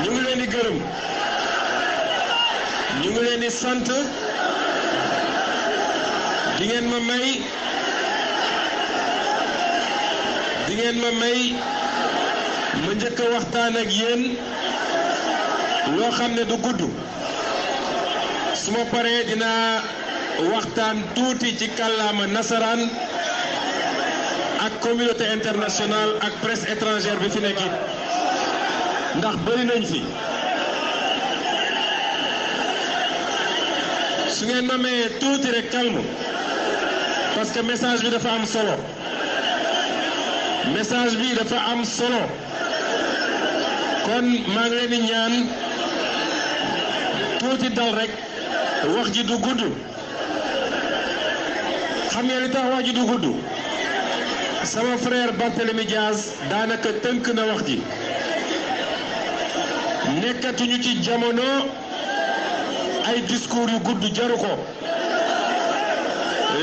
ñu leen di gërëm ñu leen di sant di ngeen ma may ma may ma njëkk a waxtaan ak yéen loo xam ne du gudd su ma paree dina waxtaan tuuti ci kàllaama nasaraan ak communauté international ak presse étrangère bi fi nekk it ndax bëri nañ fi su ngeen ma mayee tuuti rek calme parce que message bi dafa am solo message bi dafa am solo kon maa ngi leen di ñaan tuuti dal rek wax ji du gudd xam ngeen li tax wax ji du gudd sama frère Barthélémy Diaz daanaka tënk na wax ji. nekkatuñu ci jamono ay discours yu gudd jaru ko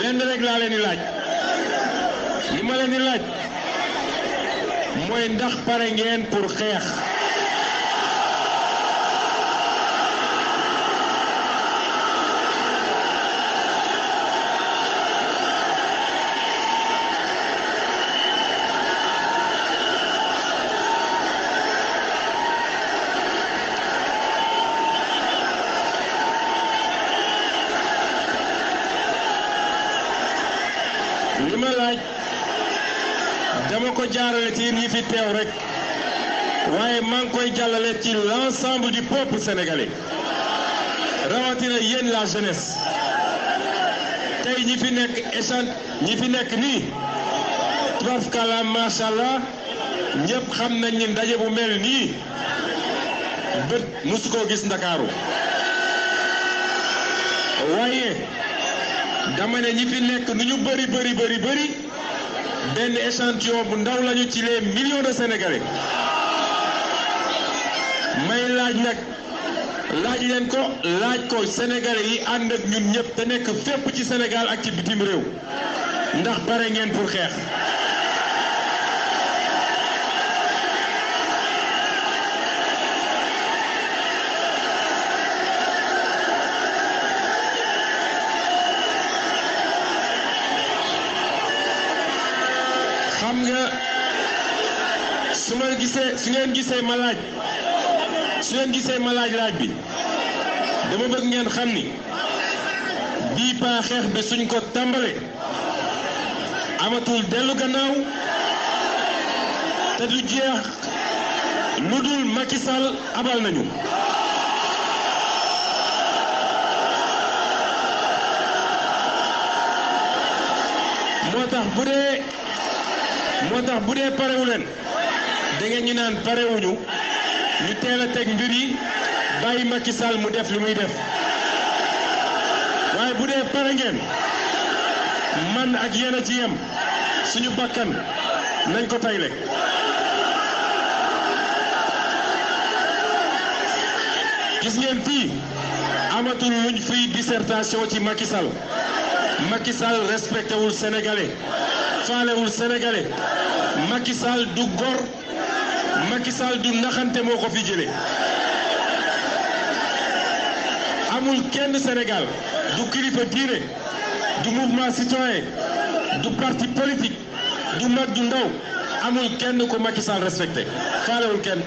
lenn rek laa leen di laaj li ma leen di laaj mooy ndax pare ngeen pour xeex. jaarale ci ñi fi teew rek waaye maa ngi koy jàllale ci l'ensemble du peuple sénégalais rawatina yéen la jeunesse tey ñi fi nek échan ñi fi nekk nii tubarfkala macha allah ñëpp xam nañ ni ndaje bu mel nii bët musu koo gis ndakaaru waaye dama ne ñi fi nek nu ñu bëri bëri bëri bëri benn échantillon bu ndaw lañu ci les millions de sénégalais may laaj nag laaj leen ko laaj ko sénégalais yi ànd ak ñun ñëpp te nekk fépp ci senegal ak ci bitim réew ndax pare ngeen pour xeex. su ma gisee su ngeen gisee ma laaj su ngeen gisee ma laaj laaj bi dama bëgg ngeen xam ni bii paa bi suñ ko tàmbalee amatul dellu gannaaw te du jeex lu dul Macky abal nañu. moo tax bu dee. moo budaya bu dengan parewu leen da teknologi ñu naan muda ñu baik budaya teg mbir yi Macky Sall mu def def ngeen man ak yéen a ci yem suñu bakkan nañ ko tayle gis ngeen fii luñ dissertation ci Macky Sall Macky Sall respecté wul sénégalais faalewul sénégalais Macky Sall du gor Macky du naxante moo ko fi jëlee amul kenn Sénégal du kilifa diine du mouvement citoyen du parti politique du mag du ndaw amul kenn ko Macky Sall respecté faalewul kenn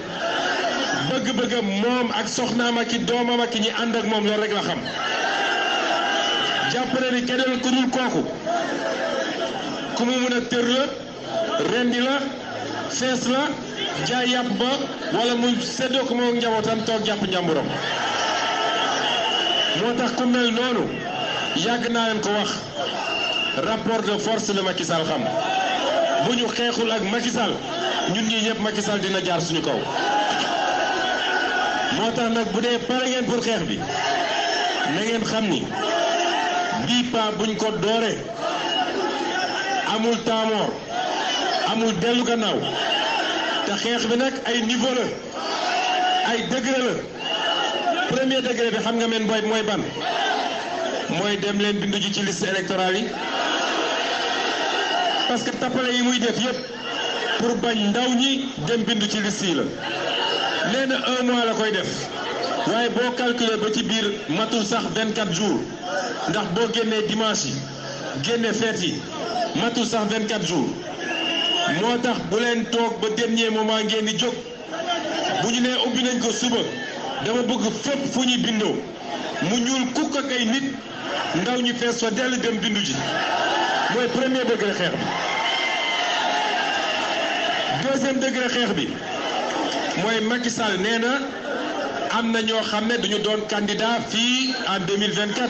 bëgg bëgg moom ak soxnaam ak i doomam ak ñi ànd ak moom loolu rek la xam jàpp ni keneen ku mu mën a la rendi la fees la jaay yàpp ba wala mu seddoo ko moom njabootam toog jàpp njàmburam moo tax ku mel noonu yàgg naa leen ko wax rapport de force la Macky xam bu ñu xeexul ak Macky Sall ñun ñii ñëpp Macky dina jaar suñu kaw moo tax nag bu dee pare ngeen pour xeex bi na xam ni bii paa buñ ko doore amul taamoor amul dellu gannaaw te xeex bi nag ay niveau la ay degré la premier degré bi xam nga men booy mooy ban mooy dem leen bindu ji ci liste électorale yi parce que tappale yi muy def yëpp pour bañ ndaw ñi dem bindu ci liste yi la nee na un mois la koy def waaye boo calculer ba ci biir matul sax vingt-quatre jours ndax boo génnee dimanche yi génne fête yi matu 24 jours Motax bu len tok ba dernier moment ngeen di jóg bu ñu ubbi nañ ko suba dama bëgg fépp fu ñuy mu ñuul ak dem premier degré deuxième degré bi Macky Sall am candidat en 2024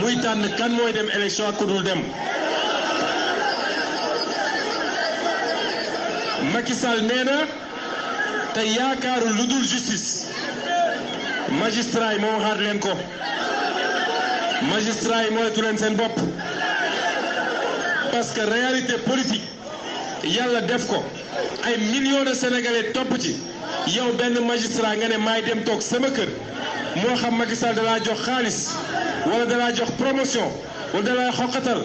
muy tànn kan mooy dem élection ak ku dul dem Macky Sall nee te yaakaaru lu dul justice magistrat yi moom leen ko magistrat yi moytu leen seen bopp parce que réalité politique yàlla def ko ay millions de sénégalais topp ci yow benn magistrat nga ne maay dem toog sama kër moo xam Macky Sall dalaa jox xaalis. wala dalaa jox promotion wala dalaa xoqatal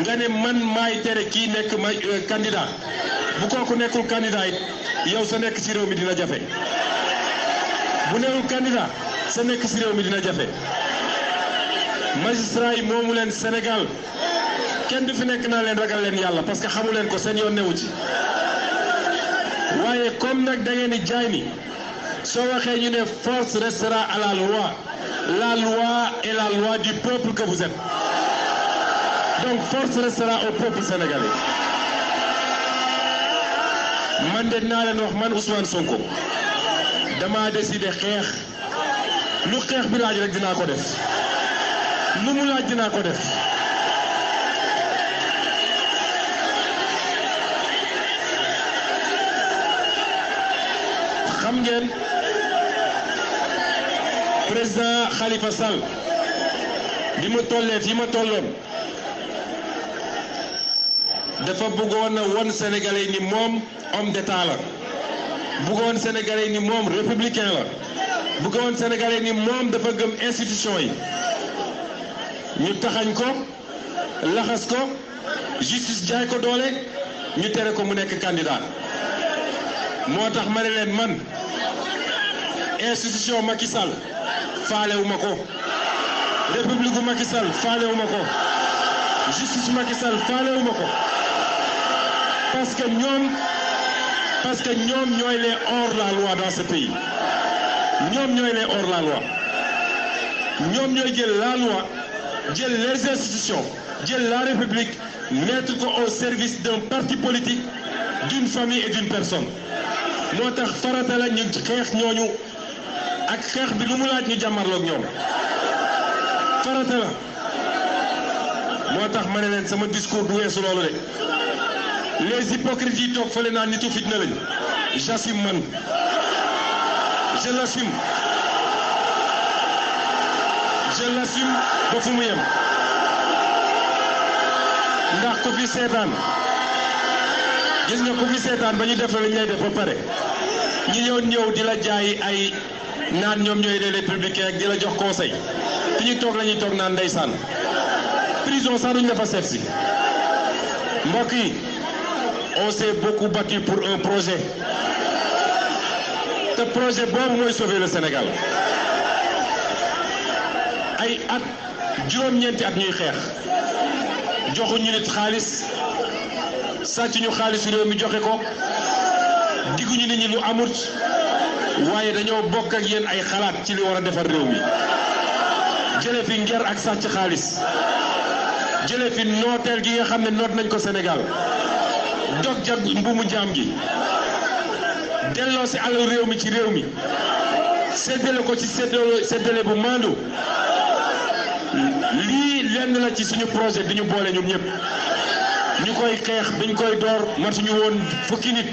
nga ne man maay tere kii nekk ma euh, candidat bu kooku nekkul candidat it yow sa nekk ci réew mi dina jafe bu nekkul candidat sa nekk ci réew mi dina jafe magistrat yi moomu leen Sénégal kenn du fi nekk naa leen ragal leen yàlla parce que xamu leen ko seen yoon newu ci waaye comme nag da di jaay ni une force restera à la loi la loi est la loi du peuple que vous êtes donc force restera au peuple sénégalais man de man Ousmane Sonko dama décidé Nous président Khalifa Sall bi mu tollee fi ma dafa bëggoon a won sénégalais ni mom homme d'état la bëggoon sénégalais ni mom républicain la bëggoon sénégalais ni mom dafa gëm institution yi ñu taxañ ko laxas ko justice jaay ko doole ñu téré ko mu nekk candidat moo tax man institution Macky Falle ou république Macky ou justice Macky Sall Falle parce que sommes... parce que hors-la-loi dans ce pays Nous sommes hors-la-loi sommes nous la loi les institutions la république mettre au service d'un parti politique d'une famille et d'une personne ak xeex bi lu mu laaj ñu jàmmarloog ñoom farata la moo tax ma ne leen sama discours bu weesu loolu de les hypocrites yi toog fële naa nitu fitna lañ j'assume man je l'assume je l'assume ba fu mu yem ndax ku fi seetaan gis nga ko fi seetaan ba ñu def la li def ba pare ñi ñëw ñëw di la jaay ay naan ñoom ñooy les républicains ak di la jox conseil fi ñu toog la ñuy toog naan ndeysaan prison sax duñ la fa seet si mbokk yi on s'est beaucoup battu pour un projet te projet boobu mooy sauver le Sénégal ay at juróom-ñeenti at ñuy xeex ñu nit xaalis sàcc ñu xaalis réew mi joxe ko digguñu nit ñi lu amut. waaye dañoo bokk ak yéen ay xalaat ci li wara defar réew mi jële fi nger ak sàcc xaalis jële fi nooteel gi nga xam ne noot nañ ko Sénégal dog jag mbuumu jaam gi delloo si alal réew mi ci réew mi seddale ko ci séddale séddale bu maandu lii lenn la ci suñu projet bi ñu boole ñun ñëpp ñu koy xeex biñ koy door matuñu woon fukki nit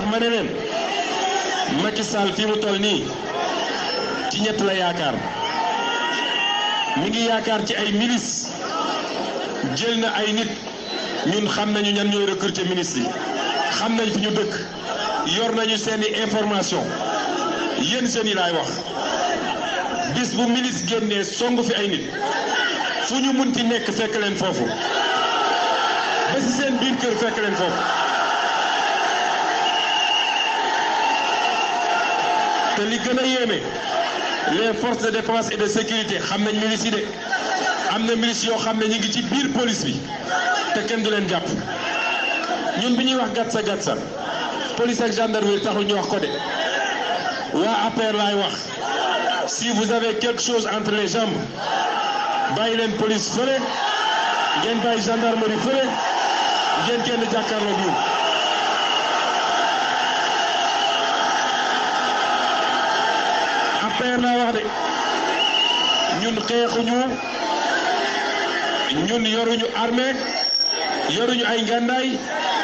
tax ma ne leen Macky Sall fii mu toll nii ci ñett la yaakaar mi ngi yaakaar ci ay milices jël na ay nit ñun xam nañu ñan ñooy recruter ministres yi xam nañ fi ñu dëkk yor nañu seeni information yéen seen yi lay wax bis bu milice génnee song fi ay nit fu ñu munti nekk fekk leen foofu ba si seen biir kër fekk leen foofu. les forces de défense et de sécurité xam nañ milice yi de am na police bi kenn du leen ñun wax gatsa police gendarmerie de si vous avez quelque chose entre les jambes bàyyi leen police fële ngeen bàyyi gendarmerie sincère naa wax de ñun xeexuñu ñun yoruñu armée yoruñu ay ngàndaay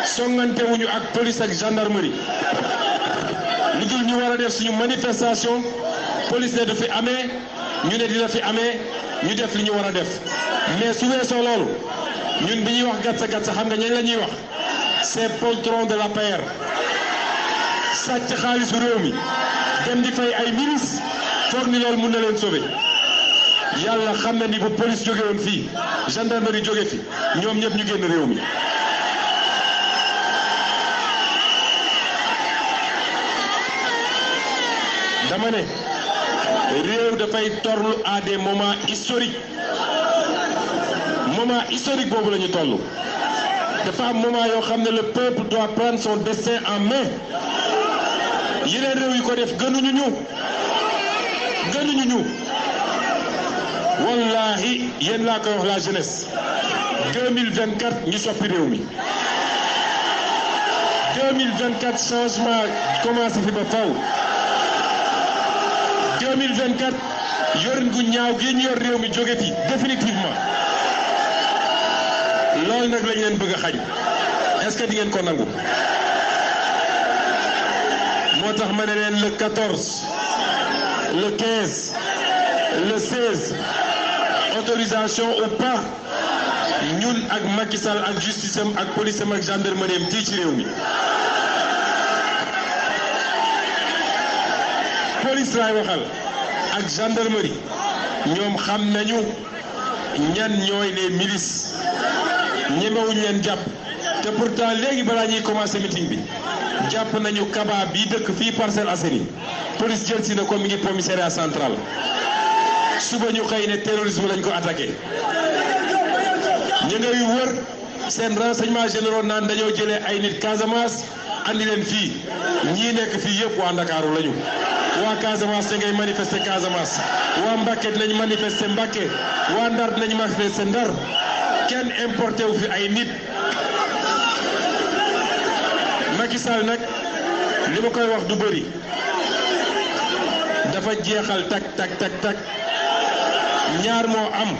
songantewuñu ak police ak gendarmerie lu dul ñu war a def suñu manifestation police ne du fi amee ñu ne dina fi amee ñu def li ñu war a def mais su weesoo loolu ñun bi ñuy wax gatsa gatsa xam nga ñañ la ñuy wax c'est poltron de la paire sàcc xaalisu réew mi dem di fay ay ministre foog ni loolu mun na leen sauver yàlla xam ni bu police jóge woon fii gendarmerie jóge fi ñoom ñëpp ñu génn réew mi. dama ne réew dafay torlu à des moments historiques moment historique boobu la ñu toll dafa am moment yoo xam ne le peuple doit prendre son destin en main yeneen réew yi ko def gënuñu ñu. gënuñu ñu wallahi yéen laa koy wax la jeunesse 2024 ñu soppi réew mi 2024 changement commencé fi ba faw 2024 yorin gu ñaaw gi ñu yor réew mi jóge fi définitivement loolu nag lañ leen bëgg a xañ est ce que di ngeen ko nangu moo tax ma ne leen le 14 le 15, le 16 autorisation ou pas nous ak Macky Sall justice avec police avec gendarmerie nous ci police Nous gendarmerie nous savons nous sommes les milices avons leen jàpp Nous pourtant léegi qui ñuy commencé meeting bi nous nañu kaba bi Parcelles police jël si na ko mi ngi commissariat central suba ñu xëy ne terrorisme lañ ko attaqué ñu ngay wër seen renseignement généraux naan dañoo jëlee ay nit Casamance andi leen fii ñii nekk fii yëpp waa Ndakaaru lañu waa Casamance da ngay manifester Casamance waa Mbacké dinañ manifester Mbacké waa Ndar dinañ manifester Ndar kenn importé wu fi ay nit Macky Sall nag li ma koy wax du bëri. dafa jeexal tak tak tak tak ñaar moo am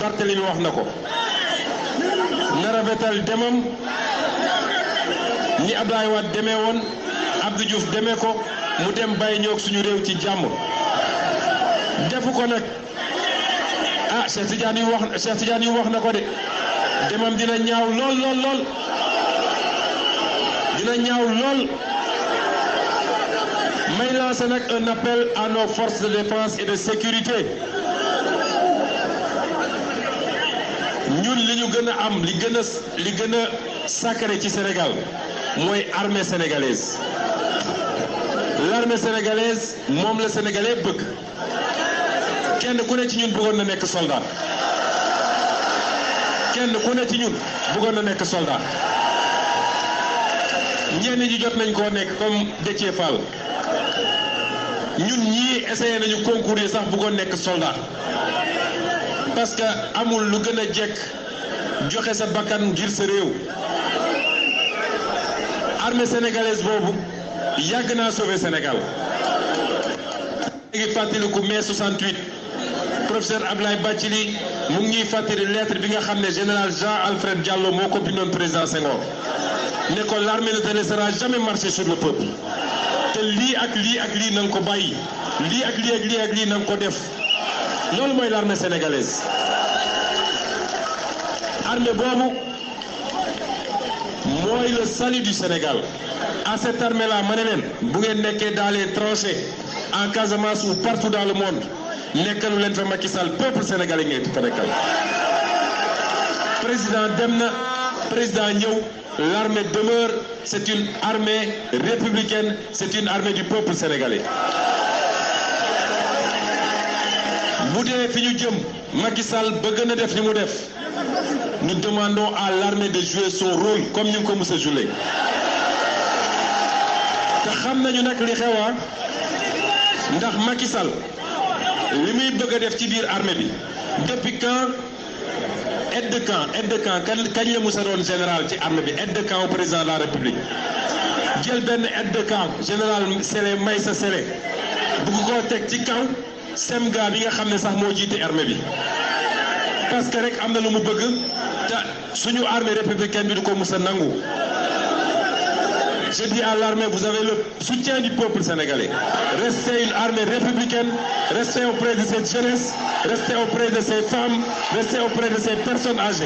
Barthélemy wax na ko na rafetal demam ni Abdoulaye Wade demee woon Abdou Diouf ko mu dem bàyyi ñoog suñu réew ci jàmm defu ko nag ah Cheikh Tidiane yu wax Cheikh Tidiane yu wax na ko de demam dina ñaaw lool lool lool dina ñaaw lool Mais lancer un appel à nos forces de défense et de sécurité Nous, li ñu gën les am li gën li sacré ci Sénégal C'est armée sénégalaise l'armée sénégalaise les la sénégalais bëgg kenn Qui ne ci ñun bëggoon na nekk soldat kenn Qui ne ci ñun bëggoon na nekk soldat ñenn ñi nous nañ koo nekk comme des Fall ñun ñi essayé nañu concourir sax ko nekk soldat parce que amul lu gëna a jekk joxe sa bakkan ngir sa rew armée sénégalaise bobu yàgg naa sauver Sénégal léegi ku mai 68 professeur Abdoulaye Bathily mu ngi ñuy lettre bi nga xamné général Jean Alfred Diallo moko ko président sénégal. ne ko l'armée ne te jamais marcher sur le peuple lii ak lii ak lii na ko bàyyi lii ak lii ak lii ak lii ko def loolu mooy l'armée sénégalaise armée boobu mooy le salut du Sénégal à cette armée ma ne leen bu ngeen nekkee dans les tranchées en Casamance ou partout dans le monde nekkalu leen fa Macky Sall peuple sénégalais ngeen di ko nekkal président dem na. président ñëw l'armée demeure c'est une armée républicaine c'est une armée du peuple sénégalais Vous devez finir ñu jëm Macky Sall bëgg na def ni def nous demandons à l'armée de jouer son rôle comme nous mu ko mos a joué te xam nañu nag li xew ah, ndax Macky Sall li muy bëgg def ci depuis quand aide de camp aide de camp kan kañ la musa doon général ci armée bi aide de camp au président de la république jël benn aide de camp général Sélé Maysa Sélé bugg koo teg ci kaw semga bi nga xam ne sax moo jiite armée bi parce que rek am na lu mu bëgg te suñu armée républicaine bi du ko musa nangu je dis à l'armée, vous avez le soutien du peuple sénégalais. Restez une armée républicaine, restez auprès de cette jeunesse, restez auprès de ces femmes, restez auprès de ces personnes âgées.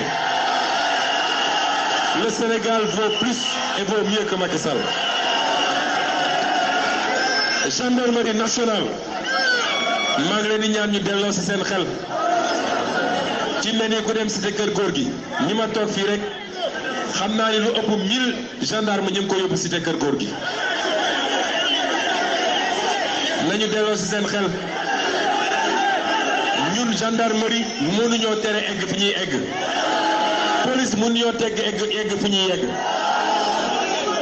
Le Sénégal vaut plus et vaut mieux que Macky Sall. Gendarmerie nationale, malgré les leen di ñaan ñu delloo ci xel ci de xamna naa lu ëpp 1000 gendarme ñu ngi ko yóbbu cité kër góor gi nañu delloo ci seen xel ñun gendarmerie mënu ñoo tere egg fi ñuy egg police ñoo tegg egg egg fi ñuy yegg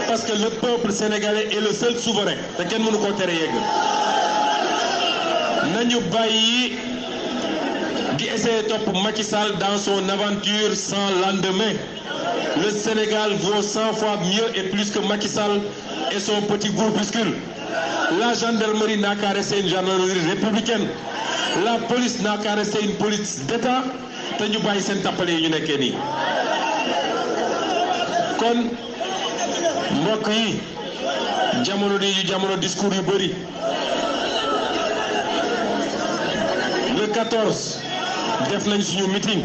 parce que le peuple sénégalais est le seul souverain te kenn mënu koo tere yegg nañu bàyyi di essayer topp Macky Sall dans son aventure sans lendemain le Sénégal vaut 100 fois mieux et plus que Macky Sall et son petit groupuscule. La gendarmerie n'a qu'à rester une gendarmerie républicaine. La police n'a qu'à rester une police d'État. te ñu bàyyi seen tappale yi ñu nekkee nii kon mbokk yi jamono di jamono discours yu le 14 def nañ suñu meeting.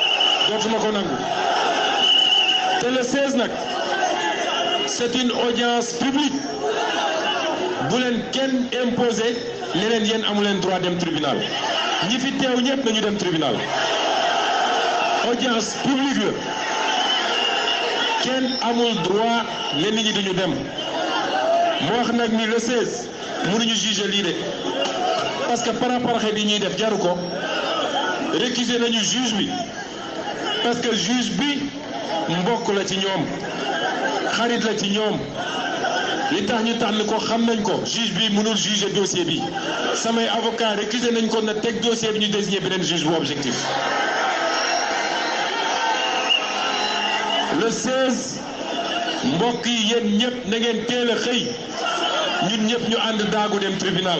dootuma te le 16 c'est une audience publique bu leen kenn imposé ne leen yéen amu droit dem tribunal ñi fi teew ñëpp nañu dem tribunal audience publique Ken a amul droit les Indiens. ñi duñu dem moo wax nag ni le 16 mënuñu juger lii de parce que paraparaxe bi ñuy def jaru ko récuser juge bi parce que juge bi la ci ñom xarit la ci ñom ko xam nañ ko juge bi mënul juger dossier bi samay avocat récusé nañ ko na tek dossier bi ñu juge objectif le 16 mbokk yi na ngeen teel a ñun ñëpp ñu dem tribunal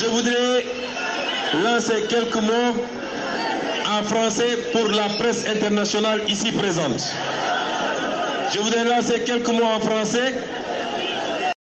je voudrais lancer quelques mots en français pour la presse internationale ici présente. Je voudrais lancer quelques mots en français